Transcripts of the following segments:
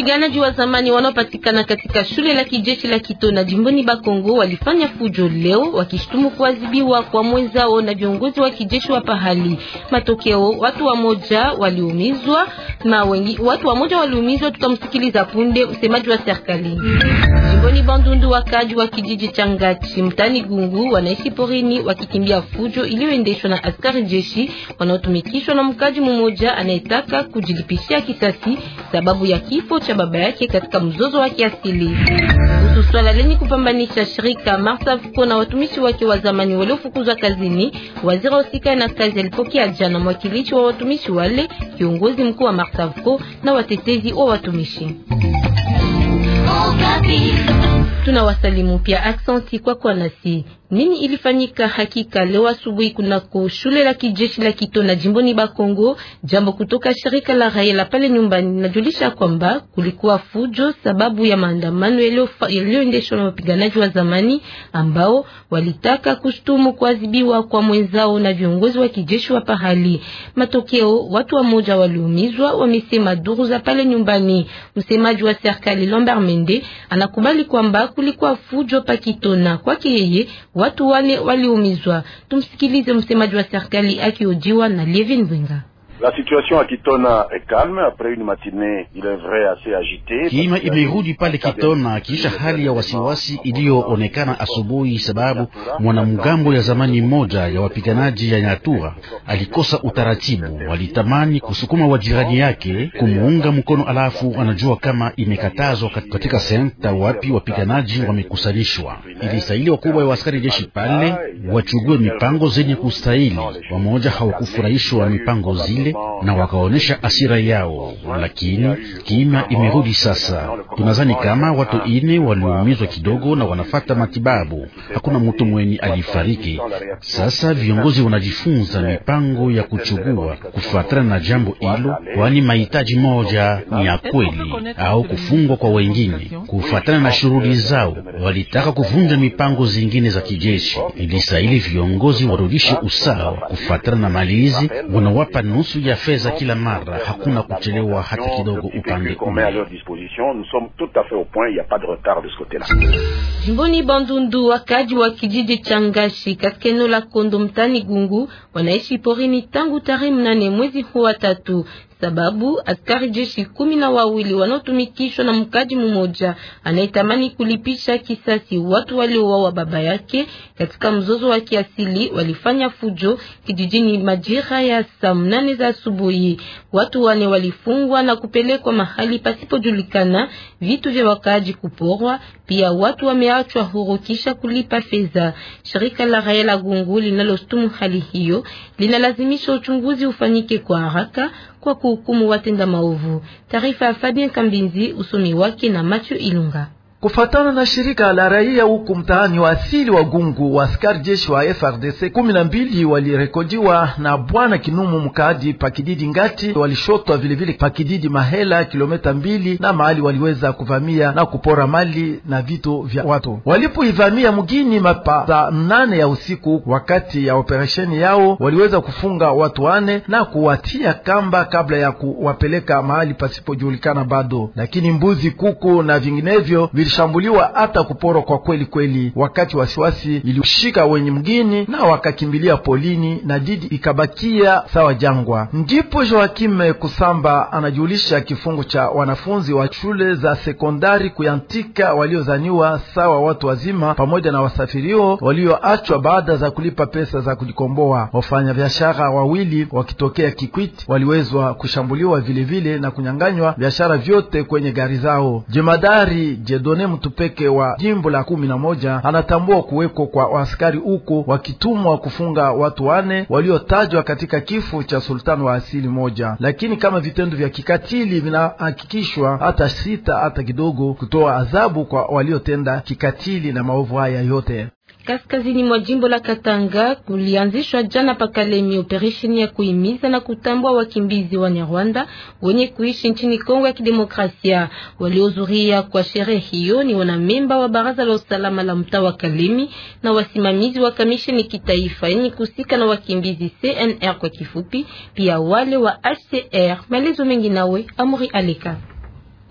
Wapiganaji wa zamani wanaopatikana katika shule la kijeshi la Kito na jimboni Bakongo walifanya fujo leo wakishtumu kuadhibiwa kwa mwenzao na viongozi wa kijeshi wa pahali. Matokeo, watu wa moja waliumizwa na wengi, watu wa moja waliumizwa. Tutamsikiliza punde msemaji wa serikali jimboni Bandundu. Wakaji wa kijiji cha Ngati mtani Gungu wanaishi porini wakikimbia fujo iliyoendeshwa na askari jeshi wanaotumikishwa na mkaji mmoja anayetaka kujilipishia kisasi sababu ya kifo cha kumrudisha baba yake katika mzozo wake asili. Kuhusu swala lenye kupambanisha shirika Marsavco na watumishi wake wa zamani waliofukuzwa kazini, waziri husika na kazi alipokea jana mwakilishi wa watumishi wale, kiongozi mkuu wa Marsavco na watetezi wa watumishi. Oh, Tunawasalimu pia aksanti kwa kwa nasi nini ilifanyika hakika leo asubuhi kunako shule la kijeshi la Kito Kitona jimboni Bakongo? Jambo kutoka shirika la raia la pale nyumbani najulisha kwamba kulikuwa fujo sababu ya maandamano yaliyoendeshwa na wapiganaji wa zamani ambao walitaka kushtumu kuadhibiwa kwa mwenzao na viongozi wa kijeshi wa pahali. Matokeo, watu wa moja waliumizwa, wamesema duru za pale nyumbani. Msemaji wa serikali Lambert Mende anakubali kwamba kulikuwa fujo pa Kitona kwake yeye Watu wale waliumizwa. Tumsikilize msemaji wa serikali akiojiwa na Levin Bwinga. La situation à Kitona est calme après une matinée il est vrai assez agitée. kima imerudi pale Kitona kisha hali ya wasiwasi iliyoonekana asubuhi, sababu mwanamgambo ya zamani mmoja ya wapiganaji ya Nyatura alikosa utaratibu, walitamani kusukuma wajirani yake kumuunga mkono, alafu anajua kama imekatazwa katika senta wapi wapiganaji wamekusanishwa. Ilistahili wakubwa ya askari jeshi pale wachugue mipango zenye kustahili, wamoja hawakufurahishwa mipango zile mbele na wakaonyesha asira yao, lakini kima imerudi sasa. Tunazani kama watu ine waliumizwa kidogo na wanafata matibabu, hakuna mtu mwenye alifariki. Sasa viongozi wanajifunza mipango ya kuchugua kufuatana na jambo hilo, kwani mahitaji moja ni ya kweli au kufungwa kwa wengine kufuatana na shughuli zao. Walitaka kuvunja mipango zingine za kijeshi. Ilistahili viongozi warudishe usawa kufuatana na malizi, wanawapa nusu yetu ya fedha kila mara, hakuna kuchelewa hata kidogo upande Jimboni Bandundu, wakaji wa kijiji cha Ngashi katika eneo la Kondo mtani Gungu wanaishi porini tangu tarehe mnane mwezi huu wa tatu sababu askari jeshi kumi na wawili wanaotumikishwa na mkaji mmoja anayetamani kulipisha kisasi watu waliowawa baba yake katika mzozo wa kiasili walifanya fujo kijijini majira ya saa mnane za asubuhi. Watu wane walifungwa na kupelekwa mahali pasipojulikana, vitu vya wakaaji kuporwa, pia watu wameachwa huru kisha kulipa fedha. Shirika la raia la Gungu linalostumu hali hiyo linalazimisha uchunguzi ufanyike kwa haraka kwa kuhukumu watenda maovu. Taarifa ya Fabien Kambinzi, usomi wake na Mathieu Ilunga. Kufatana na shirika la raia huku mtaani wa asili wa Gungu, wa askari jeshi wa FRDC kumi na mbili walirekodiwa na bwana Kinumu mkadi pakididi Ngati, walishotwa vilevile pakididi Mahela, kilomita mbili na mahali waliweza kuvamia na kupora mali na vitu vya watu. Walipoivamia mgini mapa za mnane ya usiku, wakati ya operesheni yao waliweza kufunga watu wane na kuwatia kamba kabla ya kuwapeleka mahali pasipojulikana bado, lakini mbuzi, kuku na vinginevyo vili ilishambuliwa hata kuporwa kwa kweli kweli. Wakati wasiwasi ilishika wenye mgini na wakakimbilia polini na didi ikabakia sawa jangwa. Ndipo Joakime Kusamba anajulisha kifungu cha wanafunzi wa shule za sekondari kuyantika waliozaniwa sawa watu wazima pamoja na wasafirio walioachwa baada za kulipa pesa za kujikomboa. Wafanyabiashara wawili wakitokea Kikwiti waliwezwa kushambuliwa vilevile vile na kunyanganywa biashara vyote kwenye gari zao. Jemadari Jedone Diakone Mtupeke wa jimbo la kumi na moja anatambua kuweko kwa askari huko wakitumwa kufunga watu wane waliotajwa katika kifo cha sultani wa asili moja, lakini kama vitendo vya kikatili vinahakikishwa, hata sita hata kidogo kutoa adhabu kwa waliotenda kikatili na maovu haya yote. Kaskazini mwa jimbo la Katanga kulianzishwa jana pakalemi operesheni ya kuhimiza na kutambua wakimbizi wa Nyarwanda wenye kuishi nchini Kongo ya Kidemokrasia. Waliohudhuria kwa sherehe hiyo ni wanamemba wa baraza la usalama la mtaa wa Kalemi na wasimamizi wa kamisheni kitaifa yenye kusika na wakimbizi CNR kwa kifupi, pia wale wa HCR. Maelezo mengi nawe Amuri Aleka.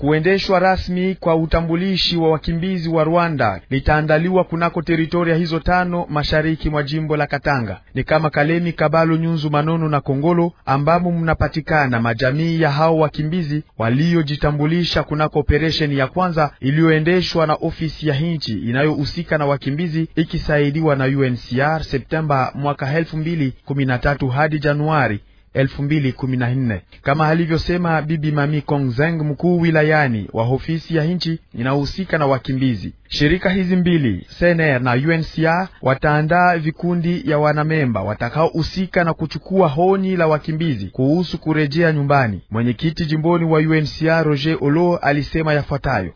Kuendeshwa rasmi kwa utambulishi wa wakimbizi wa Rwanda litaandaliwa kunako teritoria hizo tano mashariki mwa jimbo la Katanga, ni kama Kalemi, Kabalo, Nyunzu, Manono na Kongolo, ambamo mnapatikana majamii ya hao wakimbizi waliojitambulisha kunako operesheni ya kwanza iliyoendeshwa na ofisi ya hinchi inayohusika na wakimbizi ikisaidiwa na UNHCR Septemba mwaka 2013 hadi Januari elfu mbili kumi na nne kama alivyosema Bibi Mami Kongzeng, mkuu wilayani wa ofisi ya nchi inayohusika na wakimbizi. Shirika hizi mbili CNR na UNHCR wataandaa vikundi ya wanamemba watakaohusika na kuchukua honi la wakimbizi kuhusu kurejea nyumbani. Mwenyekiti jimboni wa UNHCR Roger Olo alisema yafuatayo: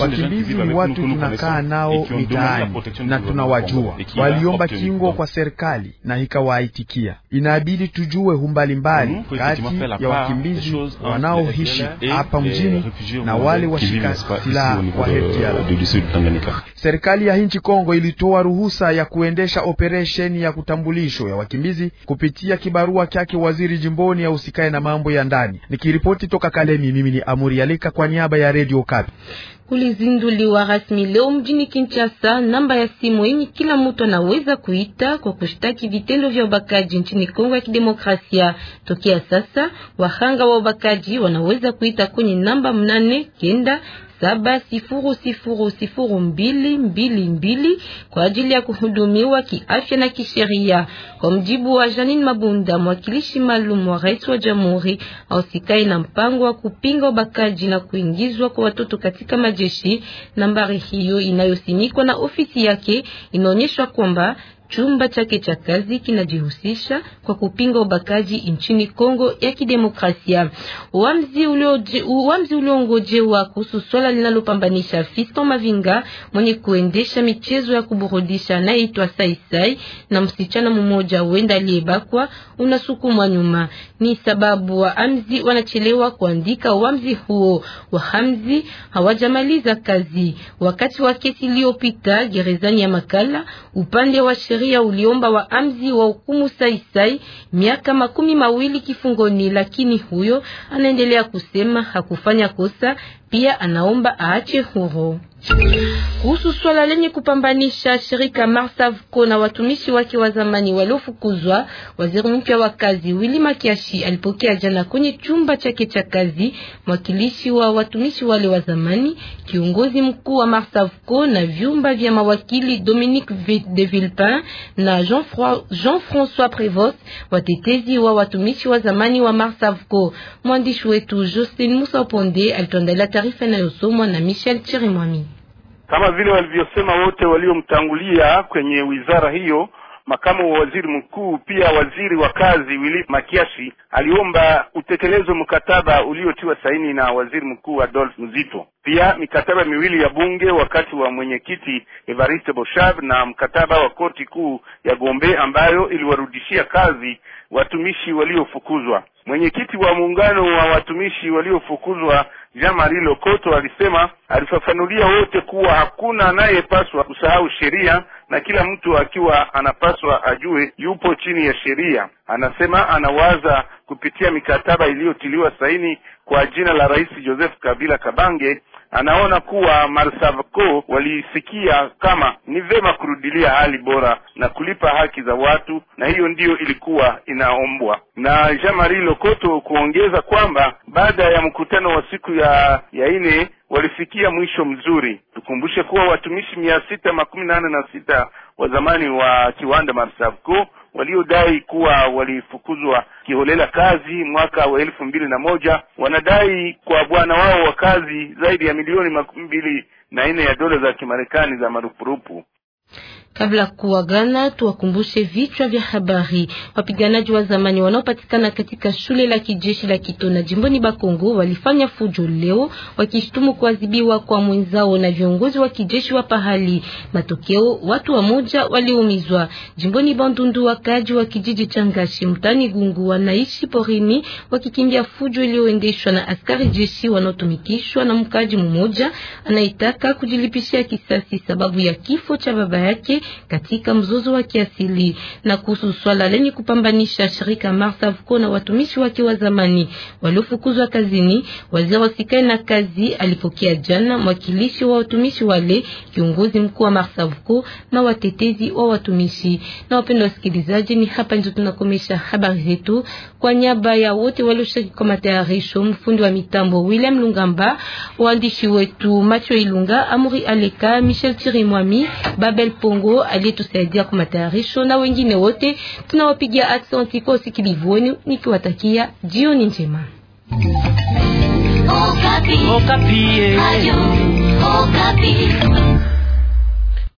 wakimbizi ni watu tunakaa nao mitaani na tunawajua, waliomba kingo kwa serikali na ikawaitikia. Inabidi tujue umbali mbali kati ya wakimbizi wanaoishi hapa mjini na wale washika silaha wa FDL. Tanganyika. Serikali ya nchi Kongo ilitoa ruhusa ya kuendesha operesheni ya kutambulisho ya wakimbizi kupitia kibarua chake waziri jimboni ya usikae na mambo ya ndani. Nikiripoti toka Kalemi, mimi ni Amuri Alika kwa niaba ya Radio Kapi. Kulizinduliwa rasmi leo mjini Kinshasa namba ya simu yenye kila mtu anaweza kuita kwa kushtaki vitendo vya ubakaji nchini Kongo ya Kidemokrasia. Tokea sasa wahanga wa ubakaji wanaweza kuita kwenye namba mnane kenda saba sifuru sifuru sifuru mbili mbili mbili kwa ajili ya kuhudumiwa kiafya na kisheria, kwa mjibu wa Janine Mabunda, mwakilishi maalum wa rais wa jamhuri ausikae na mpango wa kupinga ubakaji na kuingizwa kwa watoto katika majeshi. Nambari hiyo inayosimikwa na ofisi yake inaonyeshwa kwamba chumba chake cha kazi kinajihusisha kwa kupinga ubakaji nchini Kongo ya Kidemokrasia. Uamuzi uliongojewa kuhusu swala linalopambanisha Fiston Mavinga mwenye kuendesha michezo ya kuburudisha naitwa Saisai na msichana mmoja wenda aliyebakwa unasukumwa nyuma. Ni sababu waamzi wanachelewa kuandika wamzi huo. Wahamzi hawajamaliza kazi wakati wa kesi iliyopita gerezani ya Makala upande wa sheria uliomba wa amzi wa hukumu Saisai miaka makumi mawili kifungoni, lakini huyo anaendelea kusema hakufanya kosa. Pia anaomba aache huru kuhusu swala lenye kupambanisha shirika Marsavco na watumishi wake wa zamani waliofukuzwa. Waziri mpya wa kazi Willy Makiashi alipokea jana kwenye chumba chake cha kazi mwakilishi wa watumishi wale wa zamani, kiongozi mkuu wa Marsavco na vyumba vya mawakili Dominique de Villepin na Jean-François Prévost, watetezi wa watumishi wa zamani wa Marsavco. Mwandishi wetu Justin Musa Ponde taarifa inayosomwa na Michel Chirimwami kama vile walivyosema wote waliomtangulia kwenye wizara hiyo Makamu wa waziri mkuu pia waziri wa kazi Willy Makiashi aliomba utekelezo mkataba uliotiwa saini na waziri mkuu Adolf mzito pia mikataba miwili ya bunge wakati wa mwenyekiti Evariste Boshab na mkataba wa koti kuu ya Gombe ambayo iliwarudishia kazi watumishi waliofukuzwa. Mwenyekiti wa muungano wa watumishi waliofukuzwa Jean Marie Lokoto alisema, alifafanulia wote kuwa hakuna anayepaswa kusahau sheria na kila mtu akiwa anapaswa ajue yupo chini ya sheria. Anasema anawaza kupitia mikataba iliyotiliwa saini kwa jina la Rais Joseph Kabila Kabange anaona kuwa Marsavco walisikia kama ni vema kurudilia hali bora na kulipa haki za watu, na hiyo ndiyo ilikuwa inaombwa na Jean-Marie Lokoto, kuongeza kwamba baada ya mkutano wa siku ya ya nne walifikia mwisho mzuri. Tukumbushe kuwa watumishi mia sita makumi nane na sita wa zamani wa kiwanda Marsavco waliodai kuwa walifukuzwa kiholela kazi mwaka wa elfu mbili na moja wanadai kwa bwana wao wa kazi zaidi ya milioni makumi mbili na nne ya dola za Kimarekani za marupurupu. Kabla kuagana, tuwakumbushe vichwa vya habari. Wapiganaji wa zamani wanaopatikana katika shule la kijeshi la Kitona jimboni Bakongo walifanya fujo leo, wakishtumu kuadhibiwa kwa mwenzao na viongozi wa kijeshi wa pahali. Matokeo, watu wa moja waliumizwa. Jimboni Bandundu, wakaji wa kijiji cha Ngashi mtani Gungu wanaishi porini wakikimbia fujo iliyoendeshwa na askari jeshi wanaotumikishwa na mkaji mmoja anaitaka kujilipishia kisasi sababu ya kifo cha baba yake katika mzozo wa kiasili. Na kuhusu swala lenye kupambanisha shirika Marsavco na watumishi wake wa zamani waliofukuzwa kazini, waziri wasikae na kazi alipokea jana mwakilishi wa watumishi wale, kiongozi mkuu wa Marsavco na watetezi wa watumishi. Na wapendwa wasikilizaji, ni hapa ndio tunakomesha habari zetu kwa niaba ya wote walioshiriki kwa matayarisho, mfundi wa mitambo William Lungamba, waandishi wetu Macho Ilunga, Amuri Aleka, Michel Chirimwami, Babel Pongo Mungu aliyetusaidia kwa matayarisho na wengine wote tunawapigia aksanti kwa usikilivuni, nikiwatakia jioni njema. Okapi. Okapi. Ayo, Okapi.